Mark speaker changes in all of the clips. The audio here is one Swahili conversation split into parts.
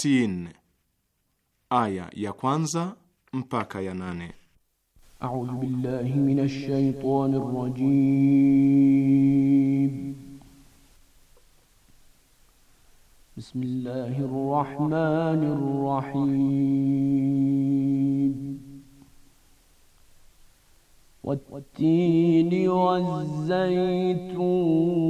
Speaker 1: sittin aya ya kwanza mpaka ya nane. A'udhu
Speaker 2: billahi minash shaitanir rajim. Bismillahir rahmanir rahim. والتين والزيتون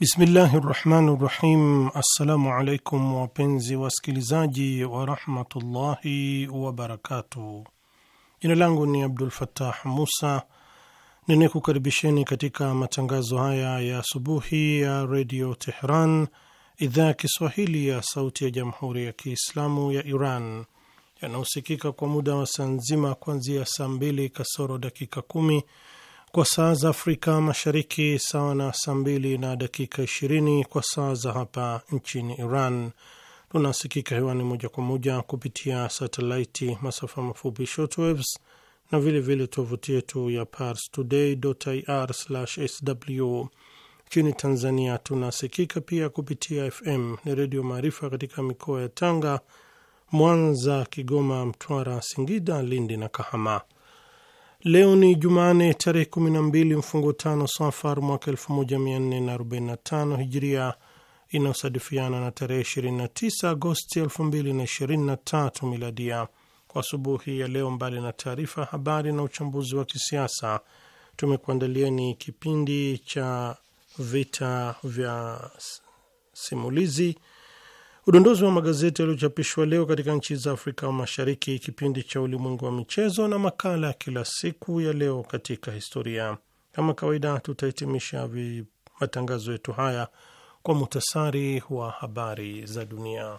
Speaker 3: Bismillahi rahmani rahim. Assalamu alaikum wapenzi wasikilizaji warahmatullahi wabarakatuh. Jina langu ni Abdul Fattah Musa ninakukaribisheni katika matangazo haya ya asubuhi ya redio Tehran, idhaa ya Kiswahili ya sauti ya jamhuri ya Kiislamu ya Iran yanayosikika kwa muda wa saa nzima kuanzia saa mbili kasoro dakika kumi kwa saa za Afrika Mashariki, sawa na saa mbili na dakika 20 kwa saa za hapa nchini Iran. Tunasikika hewani moja kwa moja kupitia satelaiti, masafa mafupi shortwaves na vilevile tovuti yetu ya pars today ir sw Nchini Tanzania tunasikika pia kupitia FM ni Redio Maarifa katika mikoa ya Tanga, Mwanza, Kigoma, Mtwara, Singida, Lindi na Kahama. Leo ni Jumane tarehe 12 mfungo tano Safar mwaka 1445 Hijria, inayosadifiana na tarehe 29 Agosti 2023 Miladia. Kwa asubuhi ya leo, mbali na taarifa habari na uchambuzi wa kisiasa, ni kipindi cha vita vya simulizi Udondozi wa magazeti yaliyochapishwa leo katika nchi za Afrika Mashariki, kipindi cha ulimwengu wa michezo na makala ya kila siku ya leo katika historia. Kama kawaida, tutahitimisha matangazo yetu haya kwa muhtasari wa habari za dunia.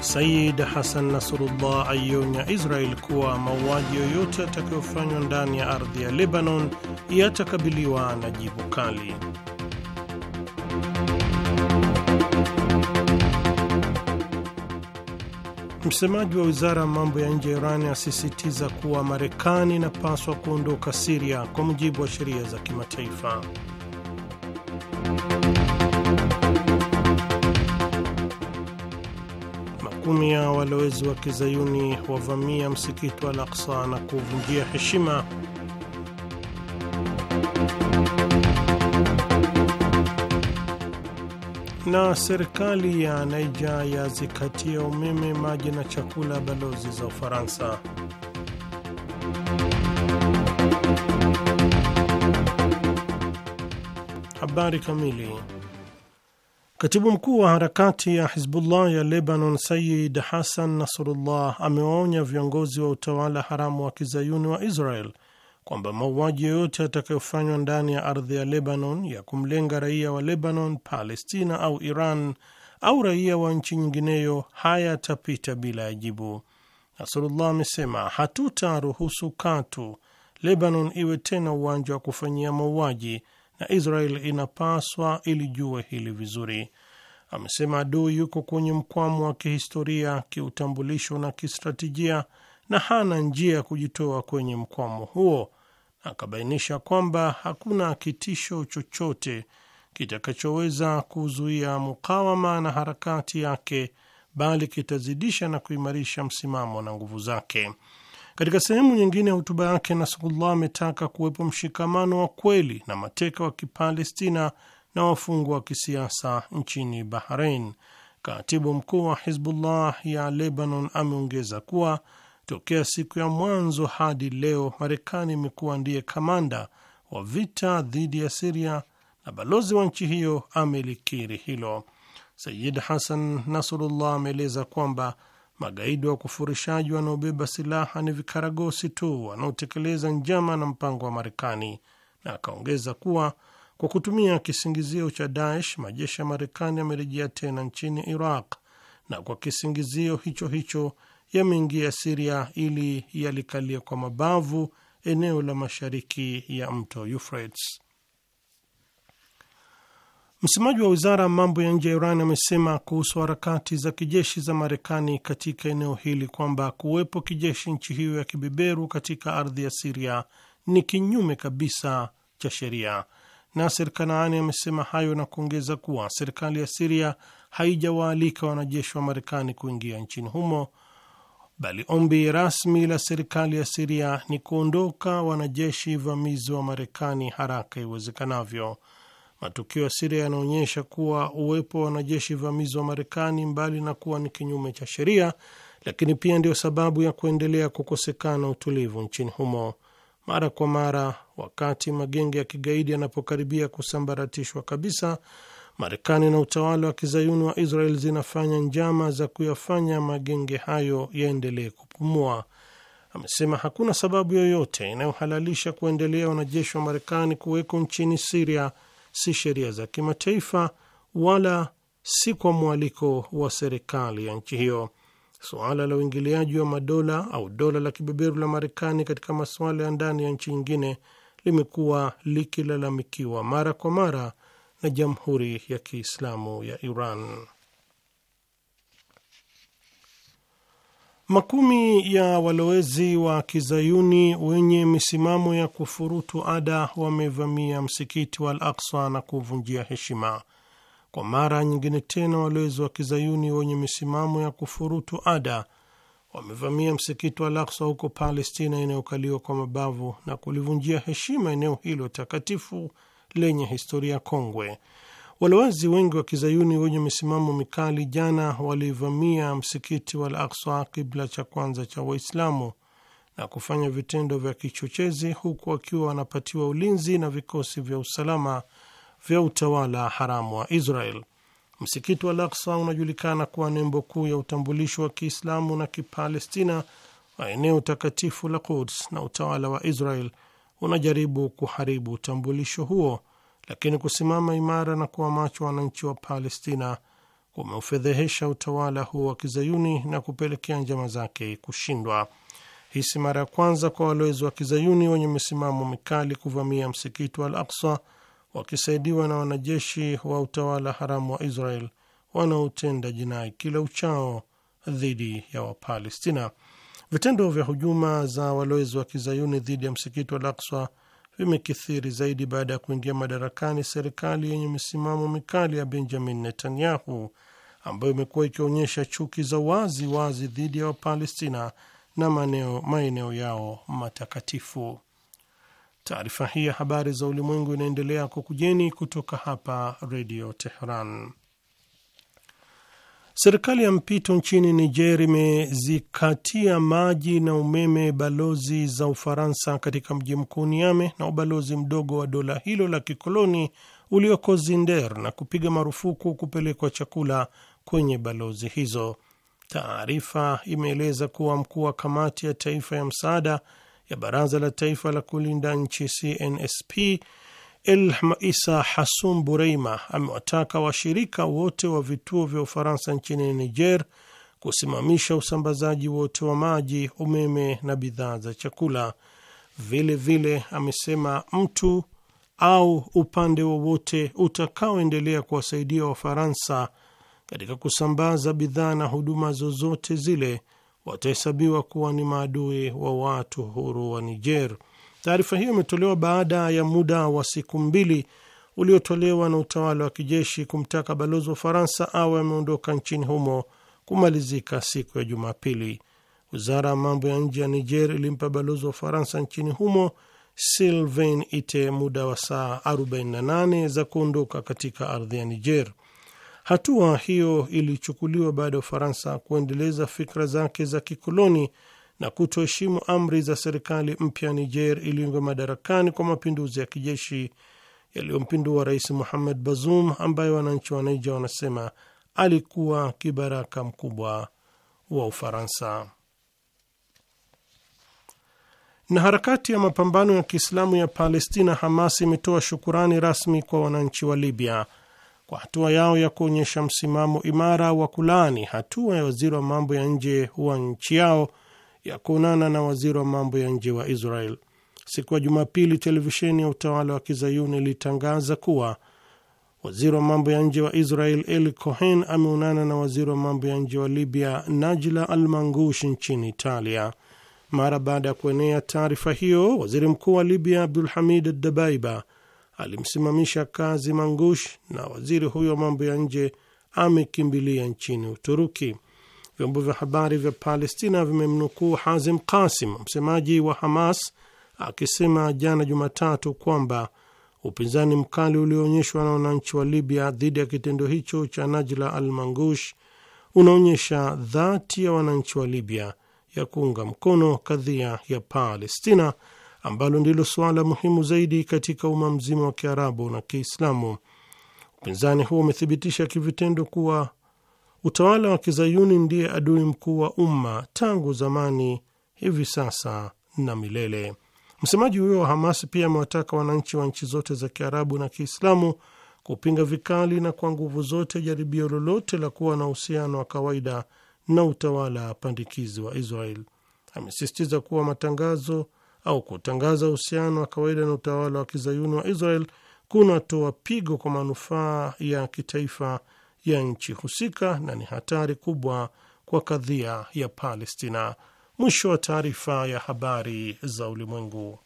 Speaker 3: Sayid Hasan Nasrullah aionya Israel kuwa mauaji yoyote yatakayofanywa ndani ya ardhi ya Lebanon yatakabiliwa na jibu kali. Msemaji wa wizara ya mambo ya nje ya Irani asisitiza kuwa Marekani inapaswa kuondoka Siria kwa mujibu wa sheria za kimataifa. makumi ya walowezi wa kizayuni wavamia msikiti wa Al-Aqsa na kuvunjia heshima. Na serikali ya Naija yazikatia umeme, maji na chakula balozi za Ufaransa. Habari kamili Katibu mkuu wa harakati ya Hizbullah ya Lebanon, Sayid Hasan Nasrullah, amewaonya viongozi wa utawala haramu wa kizayuni wa Israel kwamba mauaji yoyote yatakayofanywa ndani ya ardhi ya Lebanon ya kumlenga raia wa Lebanon, Palestina au Iran au raia wa nchi nyingineyo hayatapita bila ya jibu. Nasrullah amesema, hatutaruhusu katu Lebanon iwe tena uwanja wa kufanyia mauaji na Israel inapaswa ilijue hili vizuri. Amesema adui yuko kwenye mkwamo wa kihistoria, kiutambulisho na kistratejia, na hana njia ya kujitoa kwenye mkwamo huo, na akabainisha kwamba hakuna kitisho chochote kitakachoweza kuzuia mukawama na harakati yake, bali kitazidisha na kuimarisha msimamo na nguvu zake. Katika sehemu nyingine ya hotuba yake, Nasrullah ametaka kuwepo mshikamano wa kweli na mateka wa Kipalestina na wafungwa wa kisiasa nchini Bahrain. Katibu mkuu wa Hizbullah ya Lebanon ameongeza kuwa tokea siku ya mwanzo hadi leo Marekani imekuwa ndiye kamanda wa vita dhidi ya Siria na balozi wa nchi hiyo amelikiri hilo. Sayid Hasan Nasrullah ameeleza kwamba magaidi wa kufurishaji wanaobeba silaha ni vikaragosi tu wanaotekeleza njama na mpango wa Marekani, na akaongeza kuwa kwa kutumia kisingizio cha Daesh majeshi ya Marekani yamerejea tena nchini Iraq na kwa kisingizio hicho hicho yameingia Siria ili yalikalia kwa mabavu eneo la mashariki ya mto Euphrates. Msemaji wa wizara ya mambo ya nje ya Iran amesema kuhusu harakati za kijeshi za Marekani katika eneo hili kwamba kuwepo kijeshi nchi hiyo ya kibeberu katika ardhi ya Siria ni kinyume kabisa cha sheria. Naser Kanaani amesema hayo na kuongeza kuwa serikali ya Siria haijawaalika wanajeshi wa Marekani kuingia nchini humo, bali ombi rasmi la serikali ya Siria ni kuondoka wanajeshi vamizi wa Marekani haraka iwezekanavyo. Matukio ya Siria yanaonyesha kuwa uwepo wa wanajeshi vamizi wa Marekani, mbali na kuwa ni kinyume cha sheria, lakini pia ndiyo sababu ya kuendelea kukosekana utulivu nchini humo. Mara kwa mara, wakati magenge ya kigaidi yanapokaribia kusambaratishwa kabisa, Marekani na utawala wa kizayuni wa Israel zinafanya njama za kuyafanya magenge hayo yaendelee kupumua. Amesema hakuna sababu yoyote inayohalalisha kuendelea wanajeshi wa Marekani kuwekwa nchini Siria si sheria za kimataifa wala si kwa mwaliko wa serikali ya nchi hiyo. Suala la uingiliaji wa madola au dola la kibeberu la Marekani katika masuala ya ndani ya nchi nyingine limekuwa likilalamikiwa mara kwa mara na Jamhuri ya Kiislamu ya Iran. Makumi ya walowezi wa kizayuni wenye misimamo ya kufurutu ada wamevamia msikiti wa Al Aksa na kuvunjia heshima. Kwa mara nyingine tena, walowezi wa kizayuni wenye misimamo ya kufurutu ada wamevamia msikiti wa Al Aksa huko Palestina inayokaliwa kwa mabavu na kulivunjia heshima eneo hilo takatifu lenye historia kongwe Walowazi wengi wa kizayuni wenye misimamo mikali jana walivamia msikiti wa Al kibla cha kwanza cha Waislamu, na kufanya vitendo vya kichochezi, huku wakiwa wanapatiwa ulinzi na vikosi vya usalama vya utawala haramu wa Israel. Msikiti wa Al unajulikana kuwa nembo kuu ya utambulisho wa Kiislamu na Kipalestina wa eneo takatifu la Quds, na utawala wa Israel unajaribu kuharibu utambulisho huo lakini kusimama imara na kuwa macho wananchi wa Palestina kumeufedhehesha utawala huo wa kizayuni na kupelekea njama zake kushindwa. Hii si mara ya kwanza kwa walowezi wa kizayuni wenye misimamo mikali kuvamia msikiti wa Al Aksa wakisaidiwa na wanajeshi wa utawala haramu wa Israel wanaotenda jinai kila uchao dhidi ya Wapalestina. Vitendo vya hujuma za walowezi wa kizayuni dhidi ya msikiti wa Al Aksa vimekithiri zaidi baada ya kuingia madarakani serikali yenye misimamo mikali ya Benjamin Netanyahu ambayo imekuwa ikionyesha chuki za wazi wazi dhidi ya Wapalestina na maeneo yao matakatifu. Taarifa hii ya habari za ulimwengu inaendelea kukujeni kutoka hapa Redio Teheran. Serikali ya mpito nchini Niger imezikatia maji na umeme balozi za Ufaransa katika mji mkuu Niame na ubalozi mdogo wa dola hilo la kikoloni ulioko Zinder na kupiga marufuku kupelekwa chakula kwenye balozi hizo. Taarifa imeeleza kuwa mkuu wa kamati ya taifa ya msaada ya baraza la taifa la kulinda nchi CNSP Elham Isa Hasum Bureima amewataka washirika wote wa vituo vya Ufaransa nchini Niger kusimamisha usambazaji wote wa maji, umeme na bidhaa za chakula. Vile vile amesema mtu au upande wowote utakaoendelea kuwasaidia Wafaransa katika kusambaza bidhaa na huduma zozote zile watahesabiwa kuwa ni maadui wa watu huru wa Niger. Taarifa hiyo imetolewa baada ya muda wa siku mbili uliotolewa na utawala wa kijeshi kumtaka balozi wa Ufaransa awe ameondoka nchini humo kumalizika siku ya Jumapili. Wizara ya mambo ya nje ya Niger ilimpa balozi wa Ufaransa nchini humo Sylvain Ite muda wa saa 48 za kuondoka katika ardhi ya Niger. Hatua hiyo ilichukuliwa baada ya Ufaransa kuendeleza fikra zake za kikoloni na kutoheshimu amri za serikali mpya Niger iliyoingia madarakani kwa mapinduzi ya kijeshi yaliyompindua Rais Muhammad Bazoum ambaye wananchi wa Niger wanasema alikuwa kibaraka mkubwa wa Ufaransa. Na harakati ya mapambano ya Kiislamu ya Palestina Hamas imetoa shukurani rasmi kwa wananchi wa Libya kwa hatua yao ya kuonyesha msimamo imara wa kulaani hatua ya waziri wa mambo ya nje wa nchi yao ya kuonana na waziri wa mambo ya nje wa Israel. Siku ya Jumapili, televisheni ya utawala wa kizayuni ilitangaza kuwa waziri wa mambo ya nje wa Israel Eli Cohen ameonana na waziri wa mambo ya nje wa Libya Najla Al Mangush nchini Italia. Mara baada ya kuenea taarifa hiyo, waziri mkuu wa Libya Abdul Hamid Dabaiba alimsimamisha kazi Mangush, na waziri huyo wa mambo ya nje amekimbilia nchini Uturuki. Vyombo vya habari vya Palestina vimemnukuu Hazim Kasim, msemaji wa Hamas, akisema jana Jumatatu kwamba upinzani mkali ulioonyeshwa na wananchi wa Libya dhidi ya kitendo hicho cha Najla al Mangush unaonyesha dhati ya wananchi wa Libya ya kuunga mkono kadhia ya Palestina, ambalo ndilo suala muhimu zaidi katika umma mzima wa Kiarabu na Kiislamu. Upinzani huo umethibitisha kivitendo kuwa Utawala wa kizayuni ndiye adui mkuu wa umma tangu zamani, hivi sasa na milele. Msemaji huyo wa Hamas pia amewataka wananchi wa nchi zote za kiarabu na kiislamu kupinga vikali na kwa nguvu zote jaribio lolote la kuwa na uhusiano wa kawaida na utawala pandikizi wa Israel. Amesisitiza kuwa matangazo au kutangaza uhusiano wa kawaida na utawala wa kizayuni wa Israel kunatoa pigo kwa manufaa ya kitaifa ya nchi husika na ni hatari kubwa kwa kadhia ya Palestina. Mwisho wa taarifa ya habari za ulimwengu.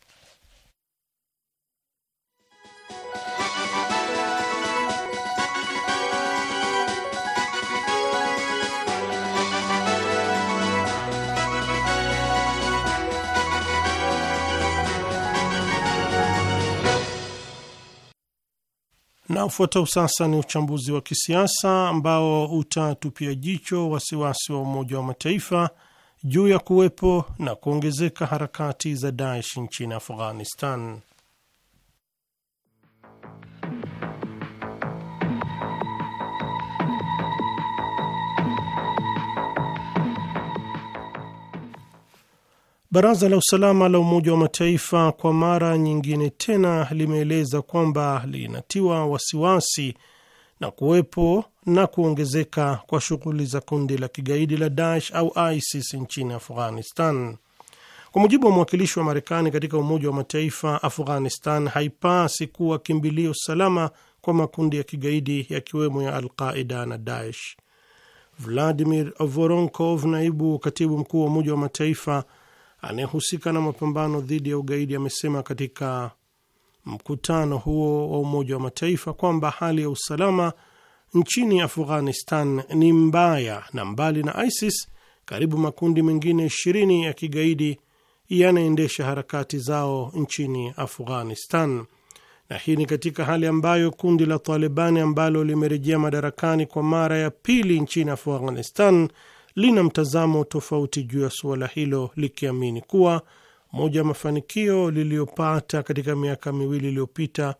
Speaker 3: Na ufuatao sasa ni uchambuzi wa kisiasa ambao utatupia jicho wasiwasi wa Umoja wa Mataifa juu ya kuwepo na kuongezeka harakati za Daesh nchini Afghanistan. Baraza la Usalama la Umoja wa Mataifa kwa mara nyingine tena limeeleza kwamba linatiwa wasiwasi na kuwepo na kuongezeka kwa shughuli za kundi la kigaidi la Daesh au ISIS nchini Afghanistan. Kwa mujibu wa mwakilishi wa Marekani katika Umoja wa Mataifa, Afghanistan haipasi kuwa kimbilio salama kwa makundi ya kigaidi yakiwemo ya Alqaida na Daesh. Vladimir Voronkov, naibu katibu mkuu wa Umoja wa Mataifa, anayehusika na mapambano dhidi ya ugaidi amesema katika mkutano huo wa Umoja wa Mataifa kwamba hali ya usalama nchini Afghanistan ni mbaya, na mbali na ISIS karibu makundi mengine ishirini ya kigaidi yanaendesha harakati zao nchini Afghanistan, na hii ni katika hali ambayo kundi la Talibani ambalo limerejea madarakani kwa mara ya pili nchini Afghanistan lina mtazamo tofauti juu ya suala hilo likiamini kuwa moja ya mafanikio liliyopata katika miaka miwili iliyopita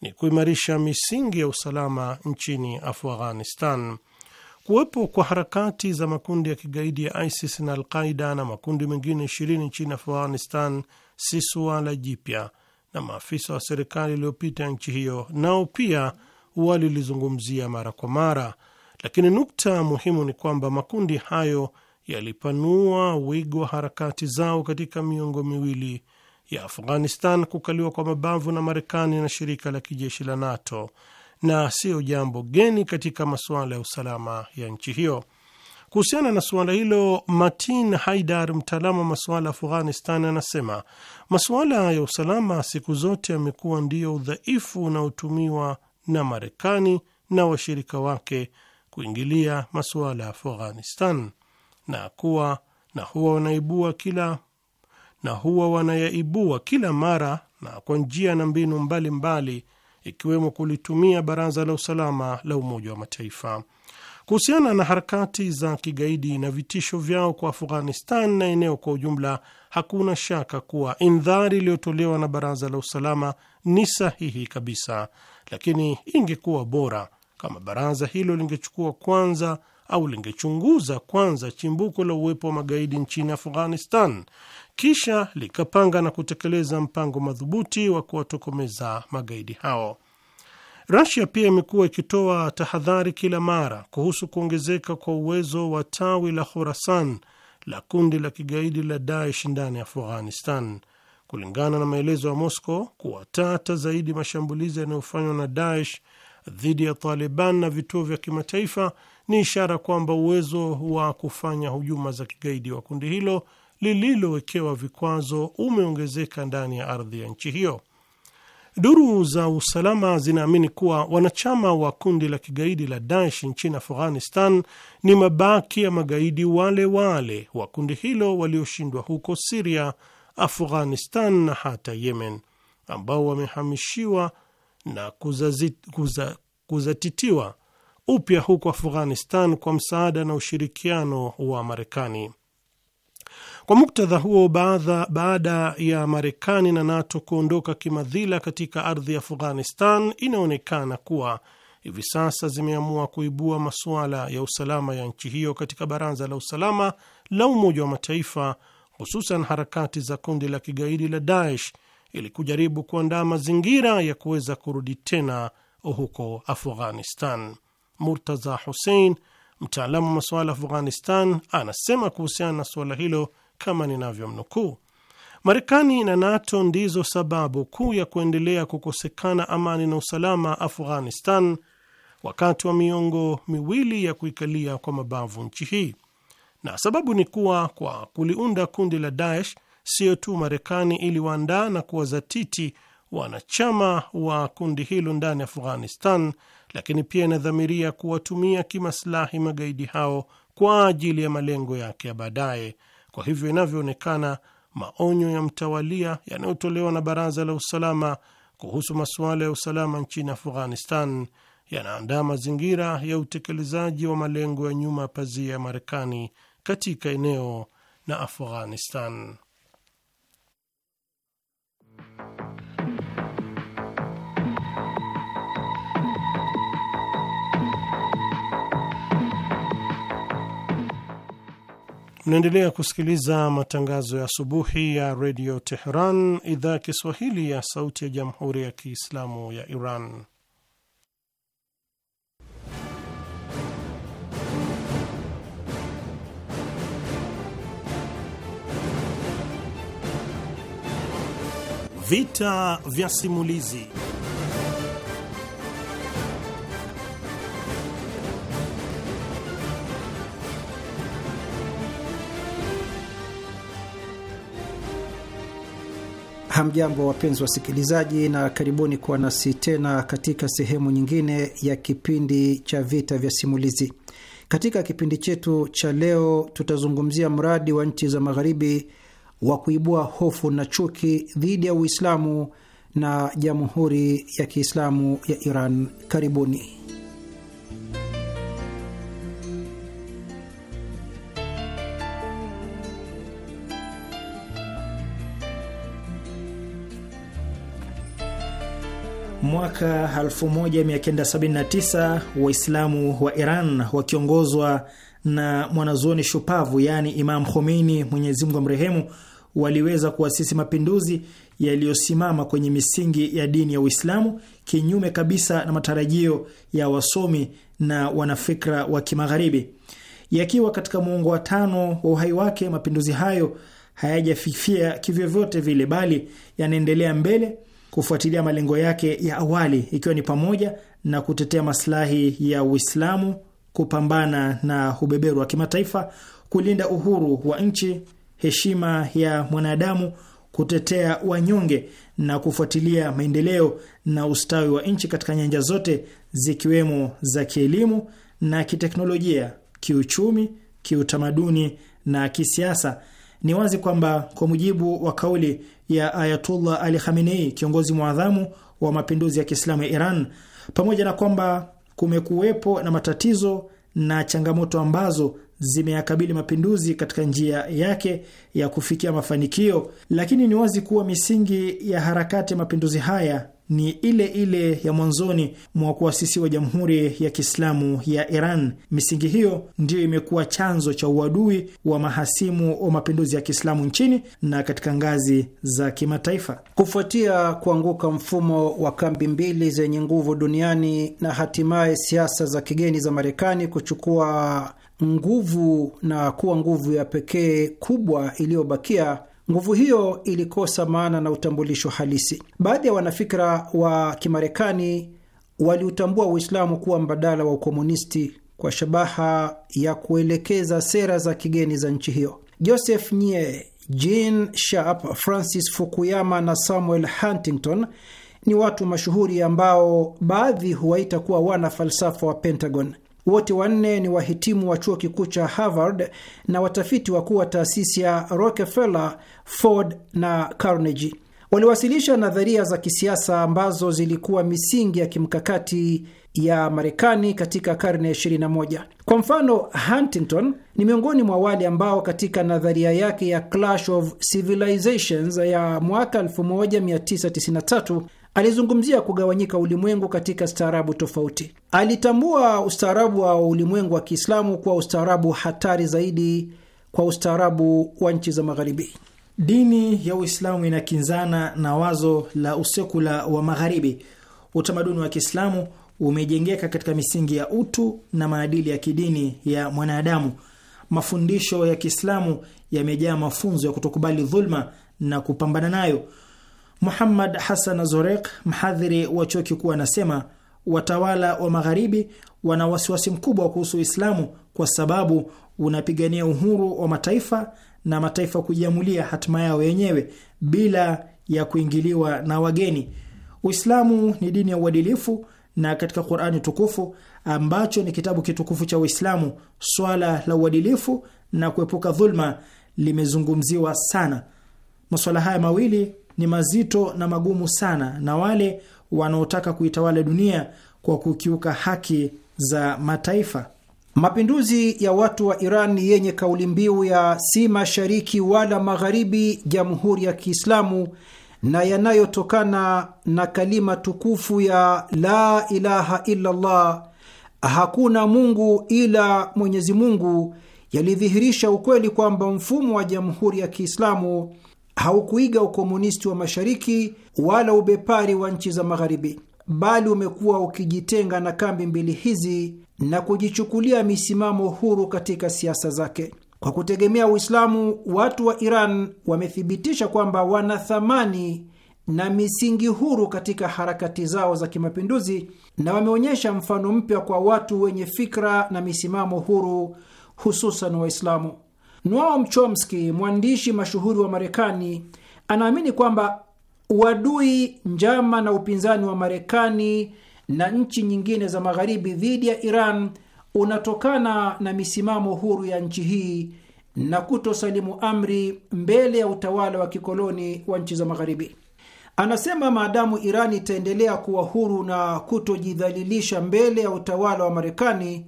Speaker 3: ni kuimarisha misingi ya usalama nchini Afghanistan. Kuwepo kwa harakati za makundi ya kigaidi ya ISIS na Alqaida na makundi mengine ishirini nchini Afghanistan si suala jipya, na maafisa wa serikali iliyopita nchi hiyo nao pia walilizungumzia mara kwa mara lakini nukta muhimu ni kwamba makundi hayo yalipanua wigo wa harakati zao katika miongo miwili ya Afghanistan kukaliwa kwa mabavu na Marekani na shirika la kijeshi la NATO na siyo jambo geni katika masuala ya usalama ya nchi hiyo. Kuhusiana na suala hilo, Martin Haidar, mtaalamu wa masuala ya Afghanistan, anasema masuala ya usalama siku zote yamekuwa ndiyo udhaifu unaotumiwa na Marekani na washirika wake kuingilia masuala ya Afghanistan na kuwa na huwa wanaibua kila na huwa wanayaibua kila mara na kwa njia na mbinu mbalimbali ikiwemo kulitumia Baraza la Usalama la Umoja wa Mataifa kuhusiana na harakati za kigaidi na vitisho vyao kwa Afghanistan na eneo kwa ujumla. Hakuna shaka kuwa indhari iliyotolewa na Baraza la Usalama ni sahihi kabisa, lakini ingekuwa bora kama baraza hilo lingechukua kwanza au lingechunguza kwanza chimbuko la uwepo wa magaidi nchini Afghanistan, kisha likapanga na kutekeleza mpango madhubuti wa kuwatokomeza magaidi hao. Rasia pia imekuwa ikitoa tahadhari kila mara kuhusu kuongezeka kwa uwezo wa tawi la Khorasan la kundi la kigaidi la Daesh ndani ya Afghanistan. Kulingana na maelezo ya Moscow, kuwatata zaidi mashambulizi yanayofanywa na Daesh dhidi ya Taliban na vituo vya kimataifa ni ishara kwamba uwezo wa kufanya hujuma za kigaidi wa kundi hilo lililowekewa vikwazo umeongezeka ndani ya ardhi ya nchi hiyo. Duru za usalama zinaamini kuwa wanachama wa kundi la kigaidi la Daesh nchini Afghanistan ni mabaki ya magaidi wale wale wa kundi hilo walioshindwa huko Siria, Afghanistan na hata Yemen, ambao wamehamishiwa na kuzatitiwa kuza, kuzatitiwa upya huko Afghanistan kwa msaada na ushirikiano wa Marekani. Kwa muktadha huo, baada, baada ya Marekani na NATO kuondoka kimadhila katika ardhi ya Afghanistan, inaonekana kuwa hivi sasa zimeamua kuibua masuala ya usalama ya nchi hiyo katika Baraza la Usalama la Umoja wa Mataifa, hususan harakati za kundi la kigaidi la Daesh ili kujaribu kuandaa mazingira ya kuweza kurudi tena huko Afghanistan. Murtaza Hussein, mtaalamu wa masuala ya Afghanistan, anasema kuhusiana na suala hilo kama ninavyomnukuu: Marekani na NATO ndizo sababu kuu ya kuendelea kukosekana amani na usalama Afghanistan wakati wa miongo miwili ya kuikalia kwa mabavu nchi hii, na sababu ni kuwa kwa kuliunda kundi la Daesh Siyo tu Marekani iliwaandaa na kuwazatiti wanachama wa kundi hilo ndani ya Afghanistan, lakini pia inadhamiria kuwatumia kimaslahi magaidi hao kwa ajili ya malengo yake ya baadaye. Kwa hivyo, inavyoonekana, maonyo ya mtawalia yanayotolewa na Baraza la Usalama kuhusu masuala ya usalama nchini Afghanistan yanaandaa mazingira ya utekelezaji wa malengo ya nyuma ya pazia ya Marekani katika eneo na Afghanistan. Mnaendelea kusikiliza matangazo ya asubuhi ya redio Teheran, idhaa ya Kiswahili ya sauti ya jamhuri ya kiislamu ya Iran. Vita vya simulizi
Speaker 4: Hamjambo, wapenzi wasikilizaji, na karibuni kuwa nasi tena katika sehemu nyingine ya kipindi cha Vita vya Simulizi. Katika kipindi chetu cha leo, tutazungumzia mradi wa nchi za Magharibi wa kuibua hofu na chuki dhidi ya Uislamu na Jamhuri ya Kiislamu ya Iran. Karibuni.
Speaker 5: Mwaka 1979 Waislamu wa Iran wakiongozwa na mwanazuoni shupavu yaani Imam Khomeini, Mwenyezi Mungu amrehemu, waliweza kuasisi mapinduzi yaliyosimama kwenye misingi ya dini ya Uislamu, kinyume kabisa na matarajio ya wasomi na wanafikra wa Kimagharibi. Yakiwa katika muongo wa tano wa uhai wake, mapinduzi hayo hayajafifia kivyovyote vile, bali yanaendelea mbele kufuatilia malengo yake ya awali ikiwa ni pamoja na kutetea maslahi ya Uislamu, kupambana na ubeberu wa kimataifa, kulinda uhuru wa nchi, heshima ya mwanadamu, kutetea wanyonge na kufuatilia maendeleo na ustawi wa nchi katika nyanja zote zikiwemo za kielimu na kiteknolojia, kiuchumi, kiutamaduni na kisiasa. Ni wazi kwamba kwa mujibu wa kauli ya Ayatullah Ali Khamenei, kiongozi mwadhamu wa mapinduzi ya Kiislamu ya Iran, pamoja na kwamba kumekuwepo na matatizo na changamoto ambazo zimeyakabili mapinduzi katika njia yake ya kufikia mafanikio, lakini ni wazi kuwa misingi ya harakati ya mapinduzi haya ni ile ile ya mwanzoni mwa kuasisiwa Jamhuri ya Kiislamu ya Iran. Misingi hiyo ndiyo imekuwa chanzo cha uadui wa mahasimu wa mapinduzi ya Kiislamu nchini na katika ngazi za kimataifa.
Speaker 4: Kufuatia kuanguka mfumo wa kambi mbili zenye nguvu duniani na hatimaye siasa za kigeni za Marekani kuchukua nguvu na kuwa nguvu ya pekee kubwa iliyobakia Nguvu hiyo ilikosa maana na utambulisho halisi. Baadhi ya wanafikira wa Kimarekani waliutambua Uislamu kuwa mbadala wa ukomunisti kwa shabaha ya kuelekeza sera za kigeni za nchi hiyo. Joseph Nye, Jean Sharp, Francis Fukuyama na Samuel Huntington ni watu mashuhuri ambao baadhi huwaita kuwa wana falsafa wa Pentagon. Wote wanne ni wahitimu wa chuo kikuu cha Harvard na watafiti wakuu wa taasisi ya Rockefeller, Ford na Carnegie. Waliwasilisha nadharia za kisiasa ambazo zilikuwa misingi ya kimkakati ya Marekani katika karne ya 21. Kwa mfano, Huntington ni miongoni mwa wale ambao katika nadharia yake ya Clash of Civilizations ya mwaka 1993 Alizungumzia kugawanyika ulimwengu katika staarabu tofauti. Alitambua ustaarabu wa ulimwengu wa Kiislamu kuwa ustaarabu hatari zaidi kwa ustaarabu wa nchi za Magharibi.
Speaker 5: Dini ya Uislamu inakinzana na wazo la usekula wa Magharibi. Utamaduni wa Kiislamu umejengeka katika misingi ya utu na maadili ya kidini ya mwanadamu. Mafundisho ya Kiislamu yamejaa mafunzo ya kutokubali dhuluma na kupambana nayo. Muhammad Hassan Zorek, mhadhiri wa chuo kikuu, anasema watawala wa Magharibi wana wasiwasi mkubwa kuhusu Uislamu kwa sababu unapigania uhuru wa mataifa na mataifa kujiamulia hatima yao yenyewe bila ya kuingiliwa na wageni. Uislamu ni dini ya uadilifu, na katika Qur'ani tukufu ambacho ni kitabu kitukufu cha Uislamu, swala la uadilifu na kuepuka dhulma limezungumziwa sana. Masuala haya mawili ni mazito na magumu sana, na wale wanaotaka kuitawala dunia kwa kukiuka haki
Speaker 4: za mataifa. Mapinduzi ya watu wa Iran yenye kauli mbiu ya si mashariki wala magharibi, jamhuri ya Kiislamu na yanayotokana na kalima tukufu ya la ilaha illallah, hakuna Mungu ila Mwenyezi Mungu, yalidhihirisha ukweli kwamba mfumo wa jamhuri ya Kiislamu haukuiga ukomunisti wa mashariki wala ubepari wa nchi za magharibi, bali umekuwa ukijitenga na kambi mbili hizi na kujichukulia misimamo huru katika siasa zake. Kwa kutegemea Uislamu, watu wa Iran wamethibitisha kwamba wana thamani na misingi huru katika harakati zao za kimapinduzi na wameonyesha mfano mpya kwa watu wenye fikra na misimamo huru, hususan Waislamu. Noam Chomsky, mwandishi mashuhuri wa Marekani, anaamini kwamba uadui, njama na upinzani wa Marekani na nchi nyingine za magharibi dhidi ya Iran unatokana na misimamo huru ya nchi hii na kutosalimu amri mbele ya utawala wa kikoloni wa nchi za magharibi. Anasema maadamu Iran itaendelea kuwa huru na kutojidhalilisha mbele ya utawala wa Marekani,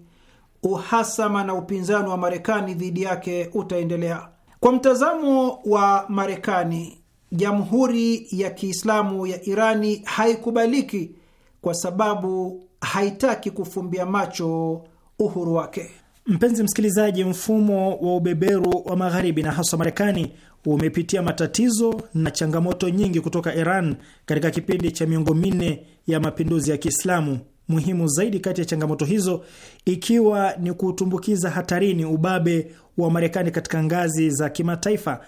Speaker 4: uhasama na upinzani wa Marekani dhidi yake utaendelea. Kwa mtazamo wa Marekani, Jamhuri ya Kiislamu ya Irani haikubaliki kwa sababu haitaki kufumbia macho uhuru wake. Mpenzi msikilizaji, mfumo wa ubeberu wa
Speaker 5: Magharibi na haswa Marekani umepitia matatizo na changamoto nyingi kutoka Iran katika kipindi cha miongo minne ya mapinduzi ya Kiislamu muhimu zaidi kati ya changamoto hizo ikiwa ni kutumbukiza hatarini ubabe wa Marekani katika ngazi za kimataifa,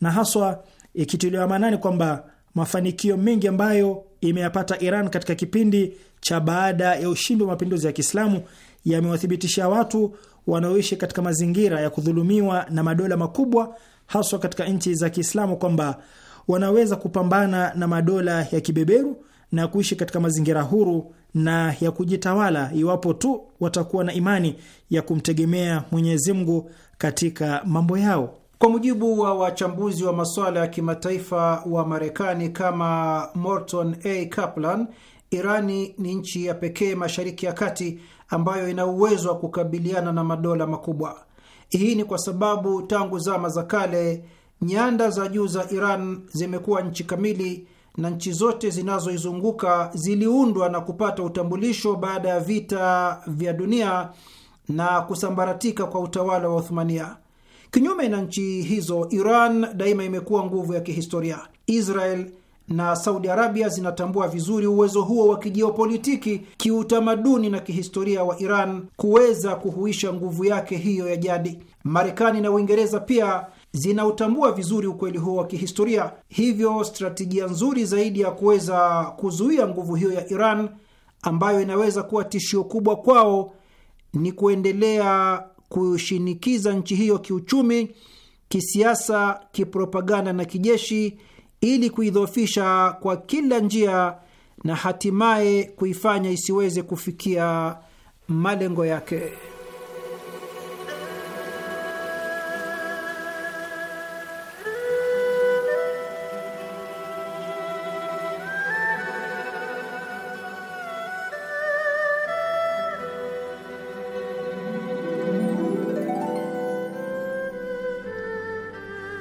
Speaker 5: na haswa ikitiliwa maanani kwamba mafanikio mengi ambayo imeyapata Iran katika kipindi cha baada ya ushindi wa mapinduzi ya Kiislamu yamewathibitisha watu wanaoishi katika mazingira ya kudhulumiwa na madola makubwa haswa katika nchi za Kiislamu kwamba wanaweza kupambana na madola ya kibeberu na kuishi katika mazingira huru na ya kujitawala iwapo tu watakuwa na imani ya kumtegemea Mwenyezi Mungu katika mambo yao.
Speaker 4: Kwa mujibu wa wachambuzi wa masuala ya kimataifa wa Marekani kama Morton A Kaplan, Irani ni nchi ya pekee Mashariki ya Kati ambayo ina uwezo wa kukabiliana na madola makubwa. Hii ni kwa sababu tangu zama za kale nyanda za juu za Iran zimekuwa nchi kamili na nchi zote zinazoizunguka ziliundwa na kupata utambulisho baada ya vita vya dunia na kusambaratika kwa utawala wa Uthmania. Kinyume na nchi hizo, Iran daima imekuwa nguvu ya kihistoria. Israel na Saudi Arabia zinatambua vizuri uwezo huo wa kijiopolitiki, kiutamaduni na kihistoria wa Iran kuweza kuhuisha nguvu yake hiyo ya jadi. Marekani na Uingereza pia zinautambua vizuri ukweli huo wa kihistoria. Hivyo strategia nzuri zaidi ya kuweza kuzuia nguvu hiyo ya Iran ambayo inaweza kuwa tishio kubwa kwao ni kuendelea kushinikiza nchi hiyo kiuchumi, kisiasa, kipropaganda na kijeshi ili kuidhoofisha kwa kila njia na hatimaye kuifanya isiweze kufikia malengo yake.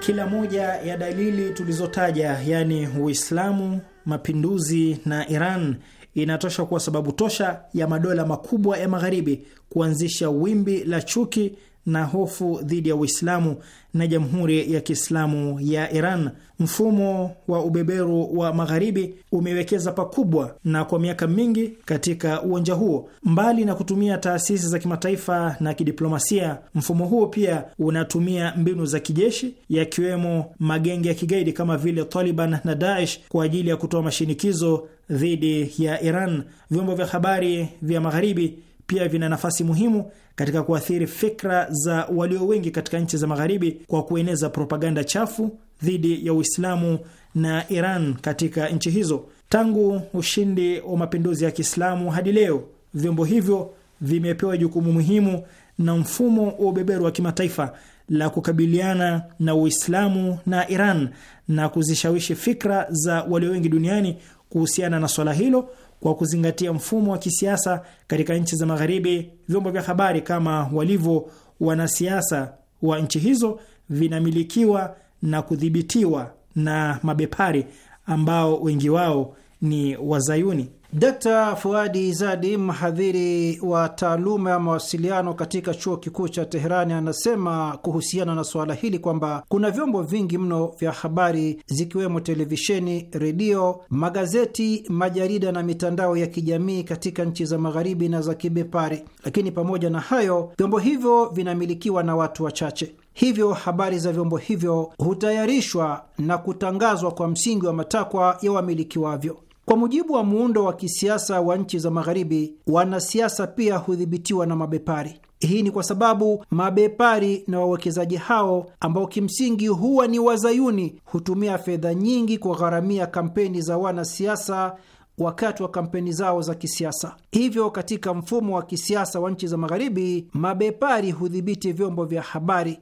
Speaker 5: Kila moja ya dalili tulizotaja, yaani Uislamu, mapinduzi na Iran, inatosha kuwa sababu tosha ya madola makubwa ya magharibi kuanzisha wimbi la chuki na hofu dhidi ya Uislamu na Jamhuri ya Kiislamu ya Iran. Mfumo wa ubeberu wa Magharibi umewekeza pakubwa na kwa miaka mingi katika uwanja huo. Mbali na kutumia taasisi za kimataifa na kidiplomasia, mfumo huo pia unatumia mbinu za kijeshi, yakiwemo magenge ya kigaidi kama vile Taliban na Daesh kwa ajili ya kutoa mashinikizo dhidi ya Iran. Vyombo vya habari vya Magharibi pia vina nafasi muhimu katika kuathiri fikra za walio wengi katika nchi za Magharibi kwa kueneza propaganda chafu dhidi ya Uislamu na Iran katika nchi hizo. Tangu ushindi wa mapinduzi ya Kiislamu hadi leo, vyombo hivyo vimepewa jukumu muhimu na mfumo wa ubeberu wa kimataifa la kukabiliana na Uislamu na Iran na kuzishawishi fikra za walio wengi duniani kuhusiana na swala hilo kwa kuzingatia mfumo wa kisiasa katika nchi za Magharibi, vyombo vya habari kama walivyo wanasiasa wa nchi hizo vinamilikiwa na kudhibitiwa na mabepari ambao wengi wao
Speaker 4: ni Wazayuni. Dkt. Fuadi Zadi, mhadhiri wa taaluma ya mawasiliano katika chuo kikuu cha Teherani, anasema kuhusiana na suala hili kwamba kuna vyombo vingi mno vya habari zikiwemo televisheni, redio, magazeti, majarida na mitandao ya kijamii katika nchi za magharibi na za kibepari, lakini pamoja na hayo vyombo hivyo vinamilikiwa na watu wachache. Hivyo habari za vyombo hivyo hutayarishwa na kutangazwa kwa msingi wa matakwa ya wamiliki wavyo. Kwa mujibu wa muundo wa kisiasa wa nchi za Magharibi, wanasiasa pia hudhibitiwa na mabepari. Hii ni kwa sababu mabepari na wawekezaji hao ambao kimsingi huwa ni wazayuni hutumia fedha nyingi kugharamia kampeni za wanasiasa wakati wa kampeni zao za kisiasa. Hivyo, katika mfumo wa kisiasa wa nchi za Magharibi, mabepari hudhibiti vyombo vya habari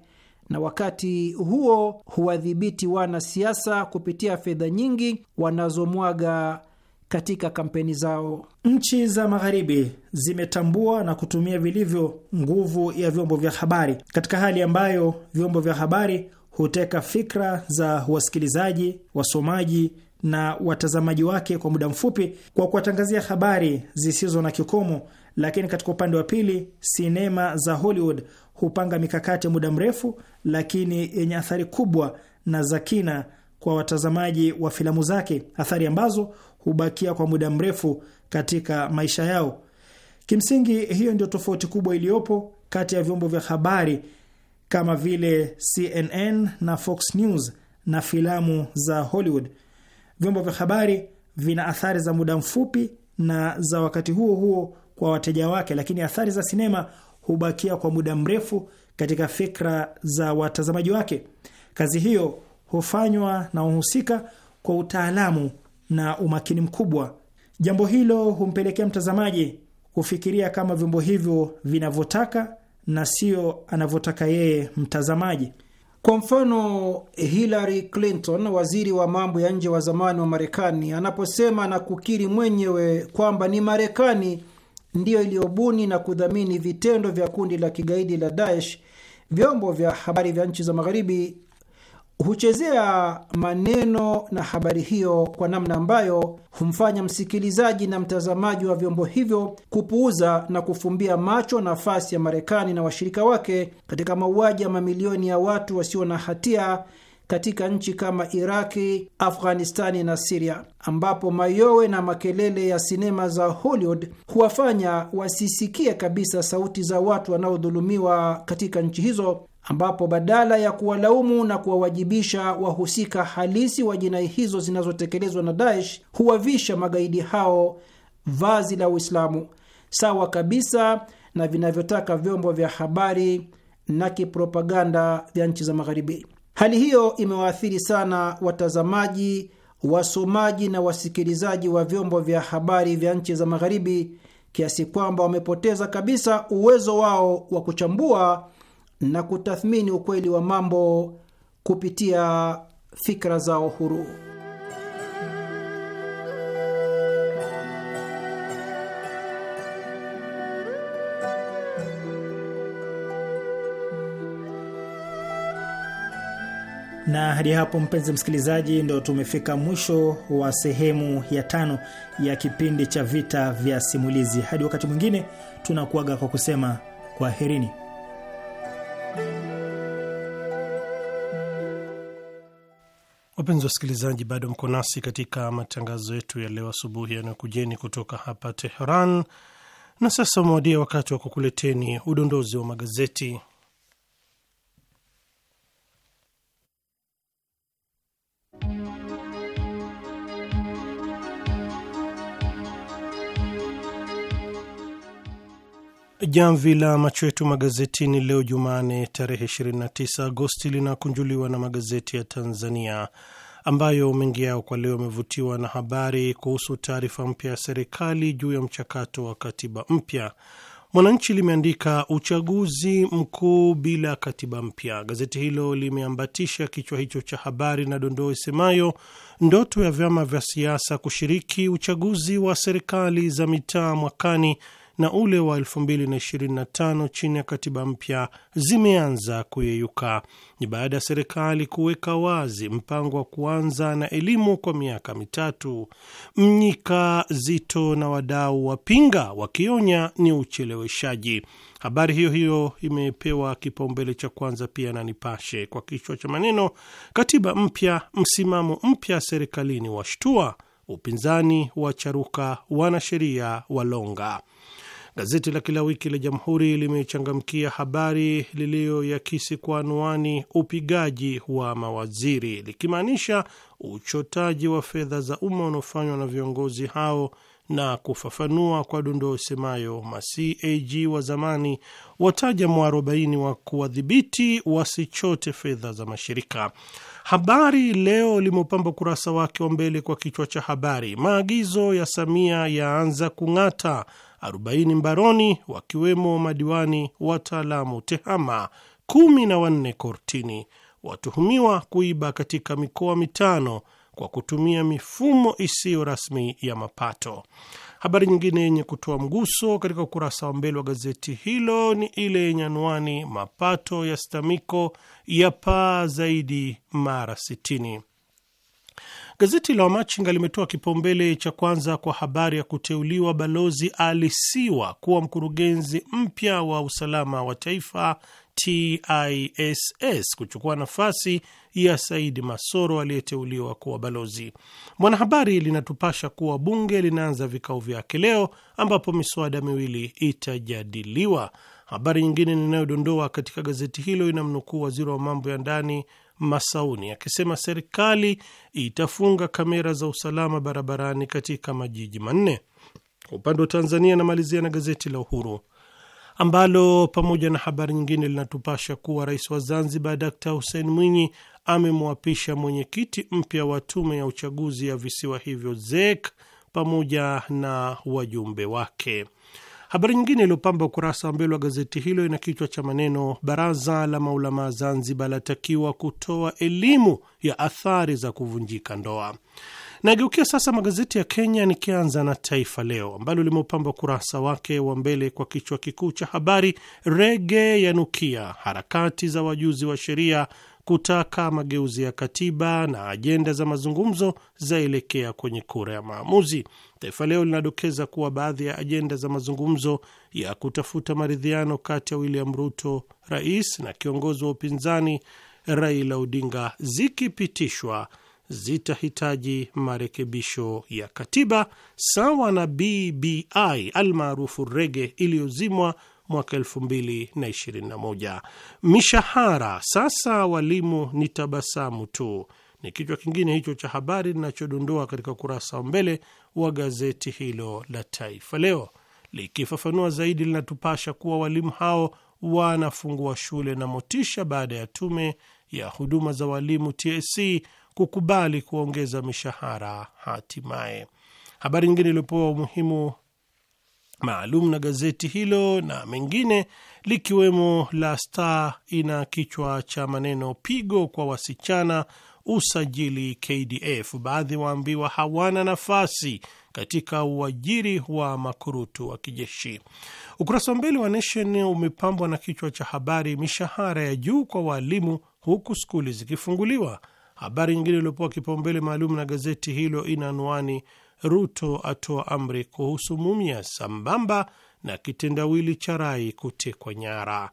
Speaker 4: na wakati huo huwadhibiti wanasiasa kupitia fedha nyingi wanazomwaga katika kampeni zao. Nchi za
Speaker 5: Magharibi
Speaker 4: zimetambua na kutumia
Speaker 5: vilivyo nguvu ya vyombo vya habari katika hali ambayo vyombo vya habari huteka fikra za wasikilizaji, wasomaji na watazamaji wake kwa muda mfupi kwa kuwatangazia habari zisizo na kikomo. Lakini katika upande wa pili, sinema za Hollywood hupanga mikakati ya muda mrefu lakini yenye athari kubwa na za kina kwa watazamaji wa filamu zake, athari ambazo hubakia kwa muda mrefu katika maisha yao. Kimsingi, hiyo ndio tofauti kubwa iliyopo kati ya vyombo vya habari kama vile CNN na Fox News na filamu za Hollywood. Vyombo vya habari vina athari za muda mfupi na za wakati huo huo kwa wateja wake, lakini athari za sinema hubakia kwa muda mrefu katika fikra za watazamaji wake. Kazi hiyo hufanywa na wahusika kwa utaalamu na umakini mkubwa. Jambo hilo humpelekea mtazamaji kufikiria kama vyombo hivyo
Speaker 4: vinavyotaka na sio anavyotaka yeye mtazamaji. Kwa mfano, Hillary Clinton, waziri wa mambo ya nje wa zamani wa Marekani, anaposema na kukiri mwenyewe kwamba ni Marekani ndiyo iliyobuni na kudhamini vitendo vya kundi la kigaidi la Daesh, vyombo vya habari vya nchi za Magharibi huchezea maneno na habari hiyo kwa namna ambayo humfanya msikilizaji na mtazamaji wa vyombo hivyo kupuuza na kufumbia macho nafasi ya Marekani na washirika wake katika mauaji ya mamilioni ya watu wasio na hatia katika nchi kama Iraki, Afghanistani na Siria, ambapo mayowe na makelele ya sinema za Hollywood huwafanya wasisikie kabisa sauti za watu wanaodhulumiwa katika nchi hizo ambapo badala ya kuwalaumu na kuwawajibisha wahusika halisi wa jinai hizo zinazotekelezwa na Daesh huwavisha magaidi hao vazi la Uislamu sawa kabisa na vinavyotaka vyombo vya habari na kipropaganda vya nchi za Magharibi. Hali hiyo imewaathiri sana watazamaji, wasomaji na wasikilizaji wa vyombo vya habari vya nchi za Magharibi kiasi kwamba wamepoteza kabisa uwezo wao wa kuchambua na kutathmini ukweli wa mambo kupitia fikra zao huru.
Speaker 5: Na hadi hapo, mpenzi msikilizaji, ndo tumefika mwisho wa sehemu ya tano ya kipindi cha Vita vya Simulizi. Hadi wakati mwingine, tunakuaga kwa
Speaker 3: kusema kwaherini. Wapenzi wasikilizaji, bado mko nasi katika matangazo yetu ya leo asubuhi yanayokujeni kutoka hapa Teheran, na sasa umewadia wakati wa kukuleteni udondozi wa magazeti. Jamvi la macho yetu magazetini leo Jumane tarehe 29 Agosti linakunjuliwa na magazeti ya Tanzania ambayo mengi yao kwa leo yamevutiwa na habari kuhusu taarifa mpya ya serikali juu ya mchakato wa katiba mpya. Mwananchi limeandika uchaguzi mkuu bila katiba mpya. Gazeti hilo limeambatisha kichwa hicho cha habari na dondoo isemayo ndoto ya vyama vya siasa kushiriki uchaguzi wa serikali za mitaa mwakani na ule wa 2025 chini ya katiba mpya zimeanza kuyeyuka. Ni baada ya serikali kuweka wazi mpango wa kuanza na elimu kwa miaka mitatu. Mnyika, Zito na wadau wapinga, wakionya ni ucheleweshaji. Habari hiyo hiyo imepewa kipaumbele cha kwanza pia na Nipashe kwa kichwa cha maneno, katiba mpya, msimamo mpya serikalini washtua upinzani wa charuka, wanasheria walonga. Gazeti la kila wiki la Jamhuri limechangamkia habari liliyoyakisi kwa anwani upigaji wa mawaziri, likimaanisha uchotaji wa fedha za umma unaofanywa na viongozi hao na kufafanua kwa dondoo semayo macag wa zamani wataja mwarobaini wa kuwadhibiti wasichote fedha za mashirika. Habari Leo limeupamba ukurasa wake wa mbele kwa kichwa cha habari maagizo ya Samia yaanza kung'ata, 40 mbaroni, wakiwemo madiwani wataalamu tehama kumi na wanne kortini, watuhumiwa kuiba katika mikoa mitano kwa kutumia mifumo isiyo rasmi ya mapato. Habari nyingine yenye kutoa mguso katika ukurasa wa mbele wa gazeti hilo ni ile yenye anwani mapato ya STAMIKO ya paa zaidi mara sitini. Gazeti la Wamachinga limetoa kipaumbele cha kwanza kwa habari ya kuteuliwa Balozi alisiwa kuwa mkurugenzi mpya wa usalama wa taifa TISS kuchukua nafasi ya Saidi Masoro aliyeteuliwa kuwa balozi. Mwanahabari linatupasha kuwa bunge linaanza vikao vyake leo, ambapo miswada miwili itajadiliwa. Habari nyingine linayodondoa katika gazeti hilo inamnukuu waziri wa mambo ya ndani Masauni akisema serikali itafunga kamera za usalama barabarani katika majiji manne. Kwa upande wa Tanzania, anamalizia na gazeti la Uhuru ambalo pamoja na habari nyingine linatupasha kuwa rais wa Zanzibar Dkt Hussein Mwinyi amemwapisha mwenyekiti mpya wa tume ya uchaguzi ya visiwa hivyo ZEK pamoja na wajumbe wake. Habari nyingine iliyopamba ukurasa wa mbele wa gazeti hilo ina kichwa cha maneno, baraza la maulamaa Zanzibar latakiwa kutoa elimu ya athari za kuvunjika ndoa. Nageukia sasa magazeti ya Kenya, nikianza na Taifa Leo ambalo limeupamba ukurasa wake wa mbele kwa kichwa kikuu cha habari, rege ya nukia harakati za wajuzi wa sheria kutaka mageuzi ya katiba na ajenda za mazungumzo zaelekea kwenye kura ya maamuzi. Taifa Leo linadokeza kuwa baadhi ya ajenda za mazungumzo ya kutafuta maridhiano kati ya William Ruto, rais, na kiongozi wa upinzani Raila Odinga zikipitishwa zitahitaji marekebisho ya katiba sawa na BBI almaarufu rege iliyozimwa mwaka 221 Mishahara sasa walimu ni tabasamu tu, ni kichwa kingine hicho cha habari linachodondoa katika ukurasa wa mbele wa gazeti hilo la Taifa Leo. Likifafanua zaidi, linatupasha kuwa walimu hao wanafungua shule na motisha baada ya tume ya huduma za walimu TSC kukubali kuongeza mishahara hatimaye. Habari nyingine iliyopewa umuhimu maalum na gazeti hilo na mengine likiwemo la Star ina kichwa cha maneno pigo kwa wasichana usajili KDF, baadhi waambiwa hawana nafasi katika uajiri wa makurutu wa kijeshi. Ukurasa wa mbele wa Nation umepambwa na kichwa cha habari, mishahara ya juu kwa waalimu huku skuli zikifunguliwa. Habari nyingine iliyopewa kipaumbele maalum na gazeti hilo ina anwani, Ruto atoa amri kuhusu Mumia, sambamba na kitendawili cha Rai kutekwa nyara.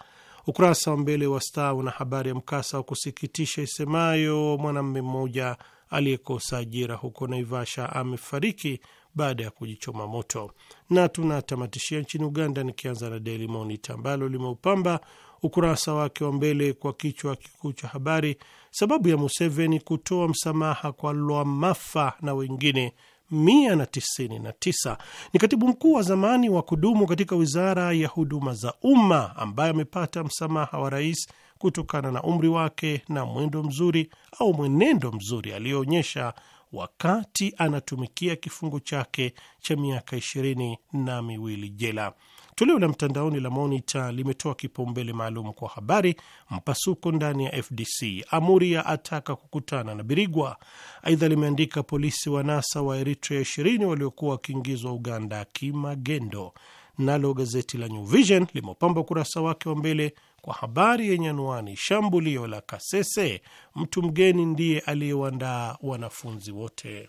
Speaker 3: Ukurasa wa mbele wa Star una habari ya mkasa wa kusikitisha isemayo mwanamume mmoja aliyekosa ajira huko Naivasha amefariki baada ya kujichoma moto. Na tunatamatishia nchini Uganda, nikianza na Daily Monitor ambalo limeupamba ukurasa wake wa mbele kwa kichwa kikuu cha habari, sababu ya Museveni kutoa msamaha kwa Lwamafa na wengine 199 ni katibu mkuu wa zamani wa kudumu katika wizara ya huduma za umma ambaye amepata msamaha wa rais kutokana na umri wake na mwendo mzuri au mwenendo mzuri aliyoonyesha wakati anatumikia kifungo chake cha miaka ishirini na miwili jela. Toleo la mtandaoni la Monita limetoa kipaumbele maalum kwa habari mpasuko ndani ya FDC, Amuria ataka kukutana na Birigwa. Aidha limeandika polisi wa NASA wa Eritrea 20 waliokuwa wakiingizwa Uganda kimagendo. Nalo gazeti la New Vision ukurasa wake wa mbele kwa habari yenye anwani shambulio la Kasese, mtu mgeni ndiye aliyewandaa wanafunzi wote.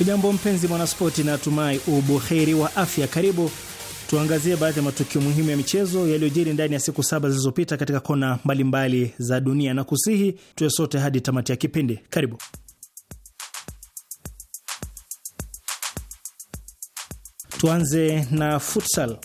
Speaker 5: ujambo mpenzi mwanaspoti, na natumai ubuheri wa afya. Karibu tuangazie baadhi ya matukio muhimu ya michezo yaliyojiri ndani ya siku saba zilizopita katika kona mbalimbali mbali za dunia, na kusihi tuwe sote hadi tamati ya kipindi. Karibu. Tuanze na futsal.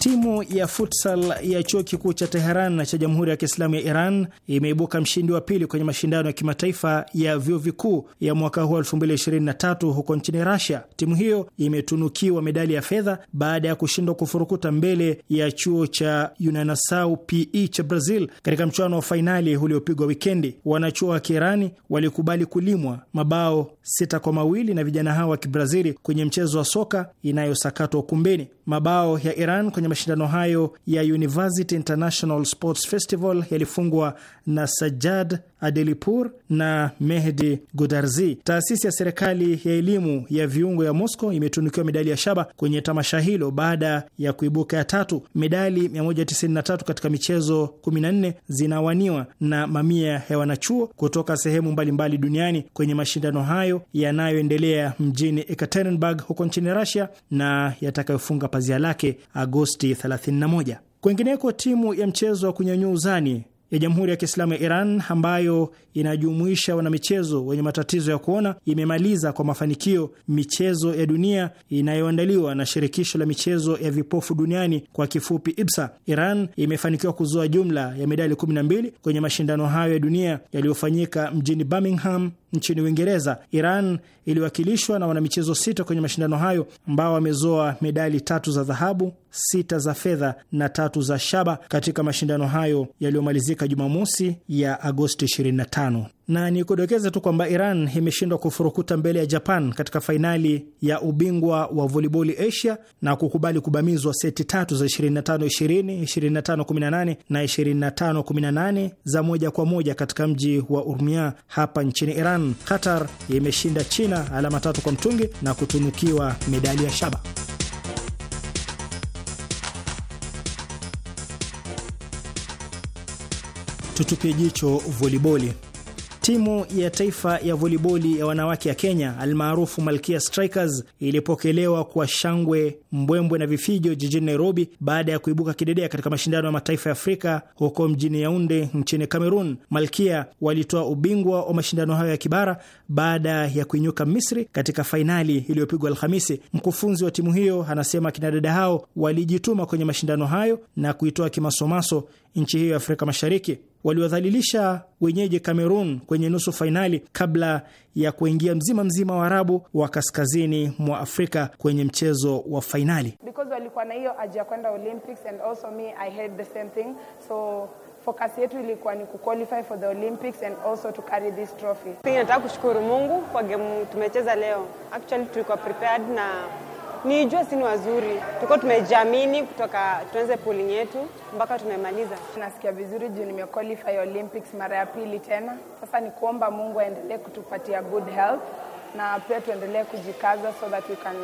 Speaker 5: Timu ya futsal ya chuo kikuu cha Teheran cha Jamhuri ya Kiislamu ya Iran imeibuka mshindi wa pili kwenye mashindano ya kimataifa ya vyuo vikuu ya mwaka huu 2023 huko nchini Russia. Timu hiyo imetunukiwa medali ya fedha baada ya kushindwa kufurukuta mbele ya chuo cha Unanasau PE cha Brazil katika mchuano wa fainali uliopigwa wikendi. Wanachuo wa Kiirani walikubali kulimwa mabao sita kwa mawili na vijana hao wa Kibrazili kwenye mchezo wa soka inayosakatwa ukumbini. Mabao ya Iran kwenye mashindano hayo ya University International Sports Festival yalifungwa na Sajad Adelipur na Mehdi gudarzi Taasisi ya serikali ya elimu ya viungo ya mosco imetunukiwa medali ya shaba kwenye tamasha hilo baada ya kuibuka ya tatu. Medali 193 katika michezo 14 zinawaniwa na mamia ya wanachuo kutoka sehemu mbalimbali mbali duniani kwenye mashindano hayo yanayoendelea mjini Ekaterinburg huko nchini Rusia na yatakayofunga pazia lake Agosti 31. Kwengineko, timu ya mchezo wa kunyanyua uzani ya Jamhuri ya Kiislamu ya Iran ambayo inajumuisha wanamichezo wenye matatizo ya kuona imemaliza kwa mafanikio michezo ya dunia inayoandaliwa na shirikisho la michezo ya vipofu duniani kwa kifupi IBSA. Iran imefanikiwa kuzoa jumla ya medali 12 kwenye mashindano hayo ya dunia yaliyofanyika mjini Birmingham nchini Uingereza. Iran iliwakilishwa na wanamichezo sita kwenye mashindano hayo ambao wamezoa medali tatu za dhahabu, sita za fedha na tatu za shaba katika mashindano hayo yaliyomalizika Jumamosi ya Agosti 25 na nikudokeze tu kwamba Iran imeshindwa kufurukuta mbele ya Japan katika fainali ya ubingwa wa voliboli Asia na kukubali kubamizwa seti tatu za 25-20, 25-18 na 25-18 za moja kwa moja katika mji wa Urmia hapa nchini Iran. Qatar imeshinda China alama tatu kwa mtungi na kutunukiwa medali ya shaba. Tutupie jicho voliboli. Timu ya taifa ya voliboli ya wanawake ya Kenya almaarufu Malkia Strikers ilipokelewa kwa shangwe, mbwembwe na vifijo jijini Nairobi baada ya kuibuka kidedea katika mashindano ya mataifa ya Afrika huko mjini Yaunde nchini cameroon Malkia walitoa ubingwa wa mashindano hayo ya kibara baada ya kuinyuka Misri katika fainali iliyopigwa Alhamisi. Mkufunzi wa timu hiyo anasema kina dada hao walijituma kwenye mashindano hayo na kuitoa kimasomaso nchi hiyo ya Afrika Mashariki waliwadhalilisha wenyeji Cameroon kwenye nusu fainali kabla ya kuingia mzima mzima wa Arabu wa kaskazini mwa Afrika kwenye mchezo wa fainali
Speaker 4: because walikuwa na hiyo haja kwenda Olympics and also me I had the same thing so focus yetu ilikuwa ni kuqualify for the Olympics and also to carry this trophy.
Speaker 2: Pia nataka kushukuru Mungu kwa game
Speaker 4: tumecheza leo. Actually tulikuwa prepared na Niijue si wazuri, tuko tumejamini kutoka tuanze pooling yetu mpaka tumemaliza. Nasikia vizuri juu nimequalify Olympics mara ya pili tena. Sasa ni kuomba Mungu aendelee kutupatia good health na pia tuendelee kujikaza so that we can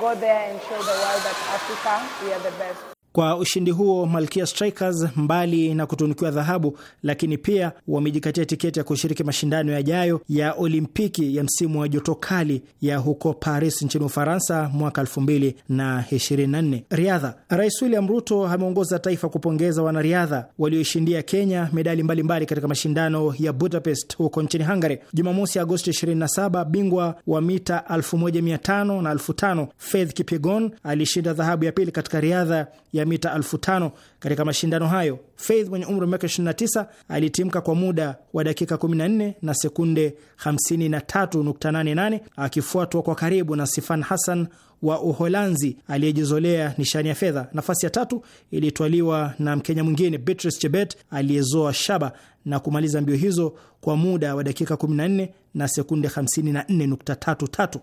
Speaker 4: go there and show the world that Africa we are
Speaker 5: the best. Kwa ushindi huo, Malkia Strikers mbali na kutunukiwa dhahabu, lakini pia wamejikatia tiketi ya kushiriki mashindano yajayo ya Olimpiki ya msimu wa joto kali ya huko Paris nchini Ufaransa mwaka 2024. Riadha. Rais William Ruto ameongoza taifa kupongeza wanariadha walioishindia Kenya medali mbalimbali mbali katika mashindano ya Budapest huko nchini Hungary. Jumamosi, Agosti 27, bingwa wa mita 1500 na 5000 Faith Kipyegon alishinda dhahabu ya pili katika riadha ya mita elfu tano katika mashindano hayo. Faith mwenye umri wa miaka 29 alitimka kwa muda wa dakika 14 na sekunde 53.88 akifuatwa kwa karibu na Sifan Hassan wa Uholanzi aliyejizolea nishani ya fedha. Nafasi ya tatu ilitwaliwa na Mkenya mwingine Beatrice Chebet aliyezoa shaba na kumaliza mbio hizo kwa muda wa dakika 14 na sekunde 54.33.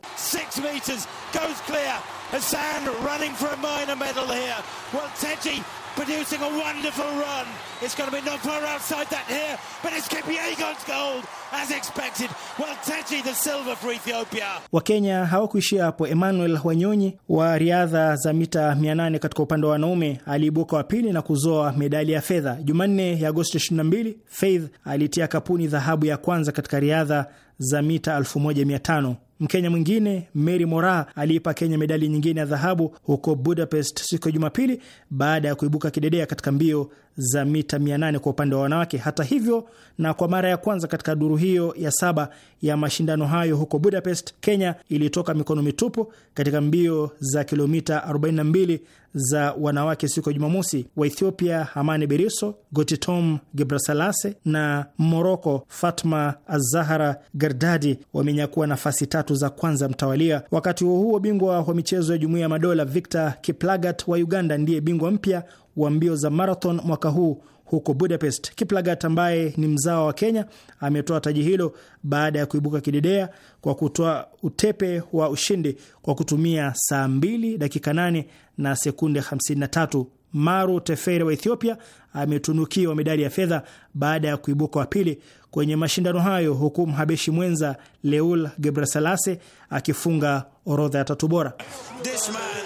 Speaker 3: Hassan running for a minor medal here. Well, Teji producing a wonderful run. It's going to be not far outside that here, but it's Kipyegon's gold as expected. Well, Teji the silver for
Speaker 6: Ethiopia.
Speaker 5: Wakenya hawakuishia hapo. Emmanuel Wanyonyi wa riadha za mita 800 katika upande wa wanaume aliibuka wa pili na kuzoa medali ya fedha. Jumanne ya Agosti 22, Faith alitia kapuni dhahabu ya kwanza katika riadha za mita 1500 Mkenya mwingine Mary mora aliipa Kenya medali nyingine ya dhahabu huko Budapest siku ya Jumapili baada ya kuibuka kidedea katika mbio za mita 800 kwa upande wa wanawake. Hata hivyo, na kwa mara ya kwanza katika duru hiyo ya saba ya mashindano hayo huko Budapest, Kenya ilitoka mikono mitupu katika mbio za kilomita 42 za wanawake siku ya Jumamosi, wa Ethiopia Hamane Beriso, Gotitom Gebrasalase na Moroko Fatma Azahara Gardadi wamenyakua nafasi tatu za kwanza mtawalia. Wakati huo huo, bingwa wa michezo ya Jumuiya ya Madola Victor Kiplagat wa Uganda ndiye bingwa mpya wa mbio za marathon mwaka huu huko Budapest. Kiplagat ambaye ni mzawa wa Kenya ametoa taji hilo baada ya kuibuka kidedea kwa kutoa utepe wa ushindi kwa kutumia saa 2 dakika 8 na sekunde 53. Maru Tefere wa Ethiopia ametunukiwa medali ya fedha baada ya kuibuka wa pili kwenye mashindano hayo, huku mhabeshi mwenza Leul Gebraselase akifunga orodha ya tatu bora This man.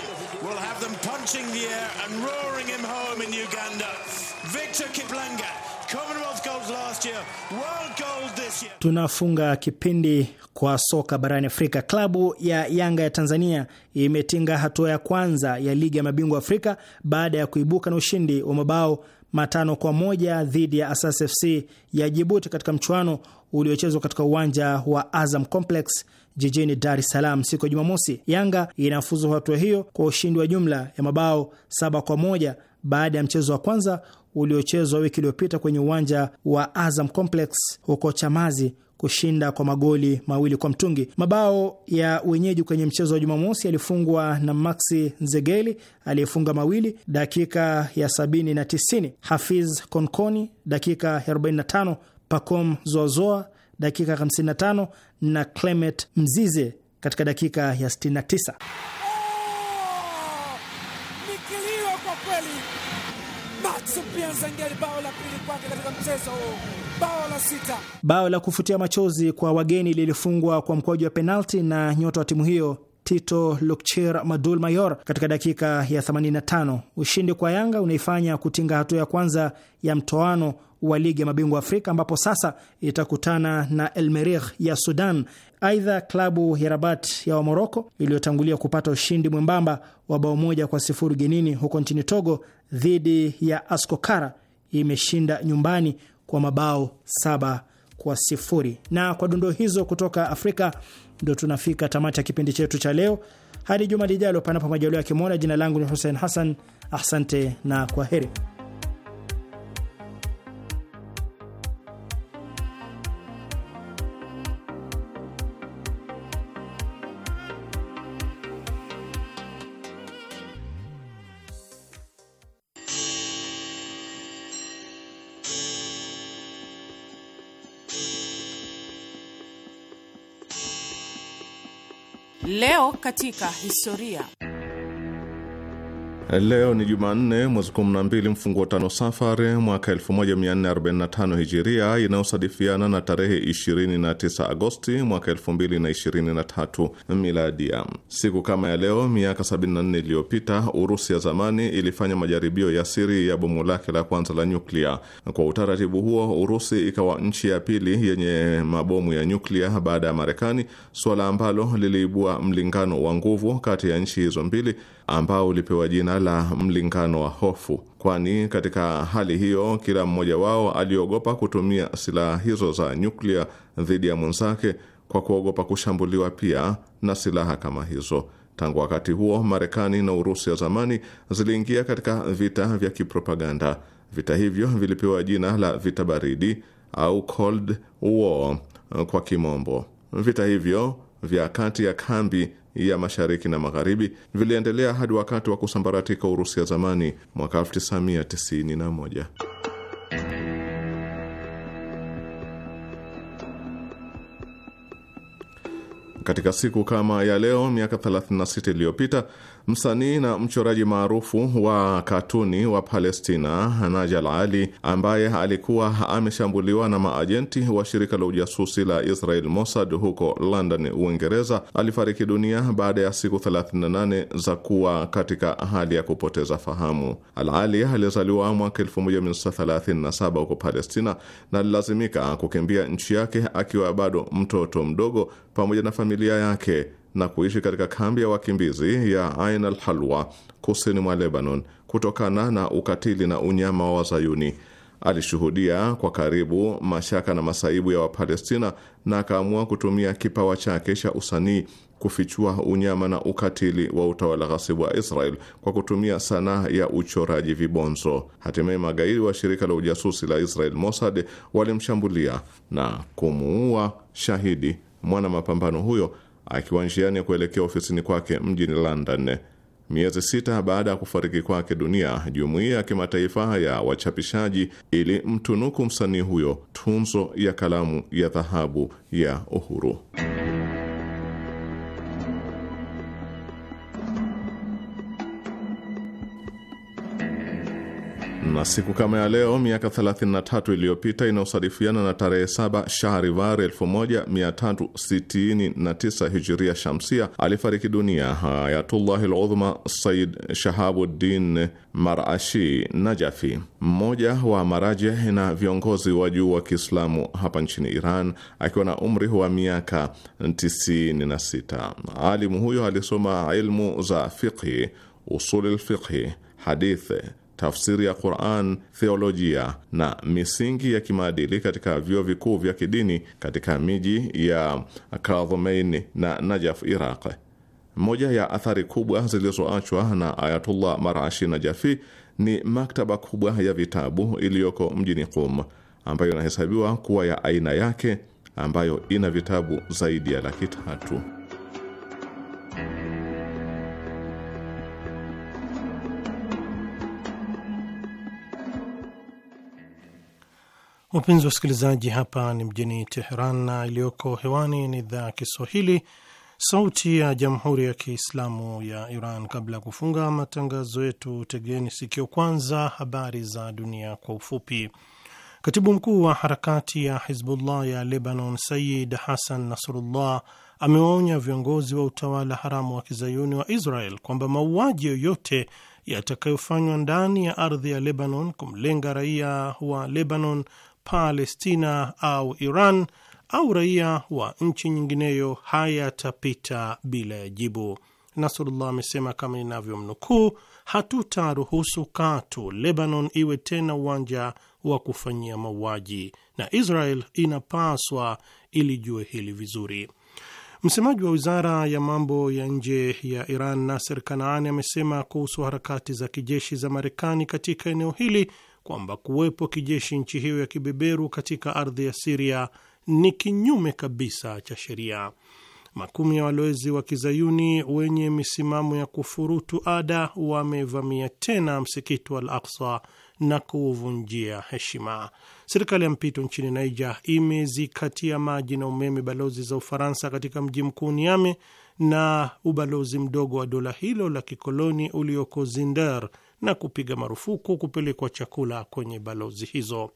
Speaker 5: Tunafunga kipindi kwa soka barani Afrika. Klabu ya Yanga ya Tanzania imetinga hatua ya kwanza ya ligi ya mabingwa Afrika baada ya kuibuka na ushindi wa mabao matano kwa moja dhidi ya Asas FC ya Jibuti katika mchuano uliochezwa katika uwanja wa Azam Complex jijini Dar es Salaam siku ya Jumamosi. Yanga inafuzu hatua hiyo kwa ushindi wa jumla ya mabao saba kwa moja baada ya mchezo wa kwanza uliochezwa wiki iliyopita kwenye uwanja wa Azam Complex huko Chamazi kushinda kwa magoli mawili kwa mtungi. Mabao ya wenyeji kwenye mchezo wa Jumamosi yalifungwa na Maxi Nzegeli aliyefunga mawili dakika ya 70 na 90, Hafiz Konkoni dakika ya 45, Pacom Zoazoa dakika 55 na Clement Mzize katika dakika ya 69.
Speaker 2: bao la pili kwake katika mchezo
Speaker 4: bao
Speaker 5: la sita. Bao la kufutia machozi kwa wageni lilifungwa kwa mkwaju wa penalti na nyota wa timu hiyo Tito lukchir Madul Mayor katika dakika ya 85. Ushindi kwa Yanga unaifanya kutinga hatua ya kwanza ya mtoano wa ligi ya mabingwa Afrika ambapo sasa itakutana na elmerih ya Sudan Aidha, klabu ya Rabat ya Wamoroko iliyotangulia kupata ushindi mwembamba wa bao moja kwa sifuri genini huko nchini Togo dhidi ya Askokara imeshinda nyumbani kwa mabao saba kwa sifuri. Na kwa dondoo hizo kutoka Afrika ndo tunafika tamati ya kipindi chetu cha leo. Hadi juma lijalo, panapo majaliwa ya Kimona. Jina langu ni Hussein Hassan, asante na kwa heri.
Speaker 2: Katika historia
Speaker 1: Leo ni Jumanne, mwezi 12 mfunguo tano Safari mwaka 1445 Hijiria, inayosadifiana na tarehe 29 Agosti mwaka 2023 Miladia. Siku kama ya leo miaka 74 iliyopita, Urusi ya zamani ilifanya majaribio ya siri ya bomu lake la kwanza la nyuklia. Kwa utaratibu huo, Urusi ikawa nchi ya pili yenye mabomu ya nyuklia baada ya Marekani, suala ambalo liliibua mlingano wa nguvu kati ya nchi hizo mbili ambao ulipewa jina la mlingano wa hofu, kwani katika hali hiyo kila mmoja wao aliogopa kutumia silaha hizo za nyuklia dhidi ya mwenzake kwa kuogopa kushambuliwa pia na silaha kama hizo. Tangu wakati huo, Marekani na Urusi ya zamani ziliingia katika vita vya kipropaganda. Vita hivyo vilipewa jina la vita baridi au Cold War kwa kimombo. Vita hivyo vya kati ya kambi ya mashariki na magharibi viliendelea hadi wakati wa kusambaratika Urusi ya zamani mwaka 1991. Katika siku kama ya leo miaka 36 iliyopita Msanii na mchoraji maarufu wa katuni wa Palestina Najal Ali, ambaye alikuwa ameshambuliwa na maajenti wa shirika la ujasusi la Israel Mossad huko London, Uingereza, alifariki dunia baada ya siku 38 za kuwa katika hali ya kupoteza fahamu. Al Ali alizaliwa mwaka 1937 huko Palestina na alilazimika kukimbia nchi yake akiwa bado mtoto mdogo pamoja na familia yake na kuishi katika kambi ya wakimbizi ya Ain al Halwa kusini mwa Lebanon kutokana na ukatili na unyama wa Wazayuni. Alishuhudia kwa karibu mashaka na masaibu ya Wapalestina na akaamua kutumia kipawa chake cha usanii kufichua unyama na ukatili wa utawala ghasibu wa Israel kwa kutumia sanaa ya uchoraji vibonzo. Hatimaye magaidi wa shirika la ujasusi la Israel Mossad walimshambulia na kumuua shahidi mwana mapambano huyo akiwa njiani ya kuelekea ofisini kwake mjini London. Miezi sita baada ya kufariki kwake dunia, jumuiya ya kimataifa ya wachapishaji ili mtunuku msanii huyo tunzo ya kalamu ya dhahabu ya uhuru. na siku kama ya leo miaka 33 iliyopita inayosadifiana na tarehe 7 Shahrivar 1369 Hijiria Shamsia, alifariki dunia Ayatullah Ludhma Said Shahabuddin Marashi Najafi, mmoja wa maraje na viongozi wa juu wa Kiislamu hapa nchini Iran, akiwa na umri wa miaka 96. Alimu huyo alisoma ilmu za fiqhi, usul lfiqhi, hadith tafsiri ya Quran, theolojia na misingi ya kimaadili katika vyuo vikuu vya kidini katika miji ya Kadhomein na Najaf, Iraq. Moja ya athari kubwa zilizoachwa na Ayatullah Marashi Najafi ni maktaba kubwa ya vitabu iliyoko mjini Qum ambayo inahesabiwa kuwa ya aina yake ambayo ina vitabu zaidi ya laki tatu.
Speaker 3: Wapenzi wa wasikilizaji, hapa ni mjini Teheran na iliyoko hewani ni idhaa ya Kiswahili, Sauti ya Jamhuri ya Kiislamu ya Iran. Kabla ya kufunga matangazo yetu, tegeni sikio kwanza habari za dunia kwa ufupi. Katibu mkuu wa harakati ya Hizbullah ya Lebanon, Sayid Hasan Nasrullah, amewaonya viongozi wa utawala haramu wa kizayuni wa Israel kwamba mauaji yoyote yatakayofanywa ndani ya ardhi ya Lebanon kumlenga raia wa Lebanon Palestina au Iran au raia wa nchi nyingineyo hayatapita bila ya jibu. Nasrullah amesema kama inavyomnukuu, hatutaruhusu katu Lebanon iwe tena uwanja wa kufanyia mauaji, na Israel inapaswa ilijue hili vizuri. Msemaji wa wizara ya mambo ya nje ya Iran Naser Kanaani amesema kuhusu harakati za kijeshi za Marekani katika eneo hili kwamba kuwepo kijeshi nchi hiyo ya kibeberu katika ardhi ya Siria ni kinyume kabisa cha sheria. Makumi ya walowezi wa kizayuni wenye misimamo ya kufurutu ada wamevamia tena msikiti wa Al Aksa na kuuvunjia heshima. Serikali ya mpito nchini Niger imezikatia maji na umeme balozi za Ufaransa katika mji mkuu Niame na ubalozi mdogo wa dola hilo la kikoloni ulioko Zindar na kupiga marufuku kupelekwa chakula kwenye balozi hizo.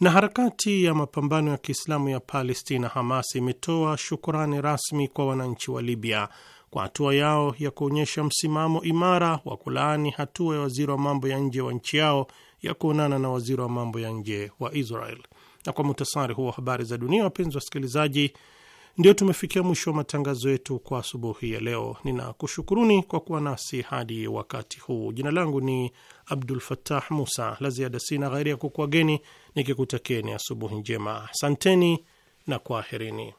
Speaker 3: Na harakati ya mapambano ya Kiislamu ya Palestina, Hamas, imetoa shukurani rasmi kwa wananchi wa Libya kwa hatua yao ya kuonyesha msimamo imara wa kulaani hatua ya waziri wa mambo ya nje wa nchi yao ya kuonana na waziri wa mambo ya nje wa Israel. Na kwa mutasari huo habari za dunia, wapenzi wasikilizaji ndio tumefikia mwisho wa matangazo yetu kwa asubuhi ya leo. Ninakushukuruni kwa kuwa nasi hadi wakati huu. Jina langu ni Abdul Fattah Musa. La ziada sina ghairi ya kukuageni nikikutakieni asubuhi njema. Asanteni na kwaherini.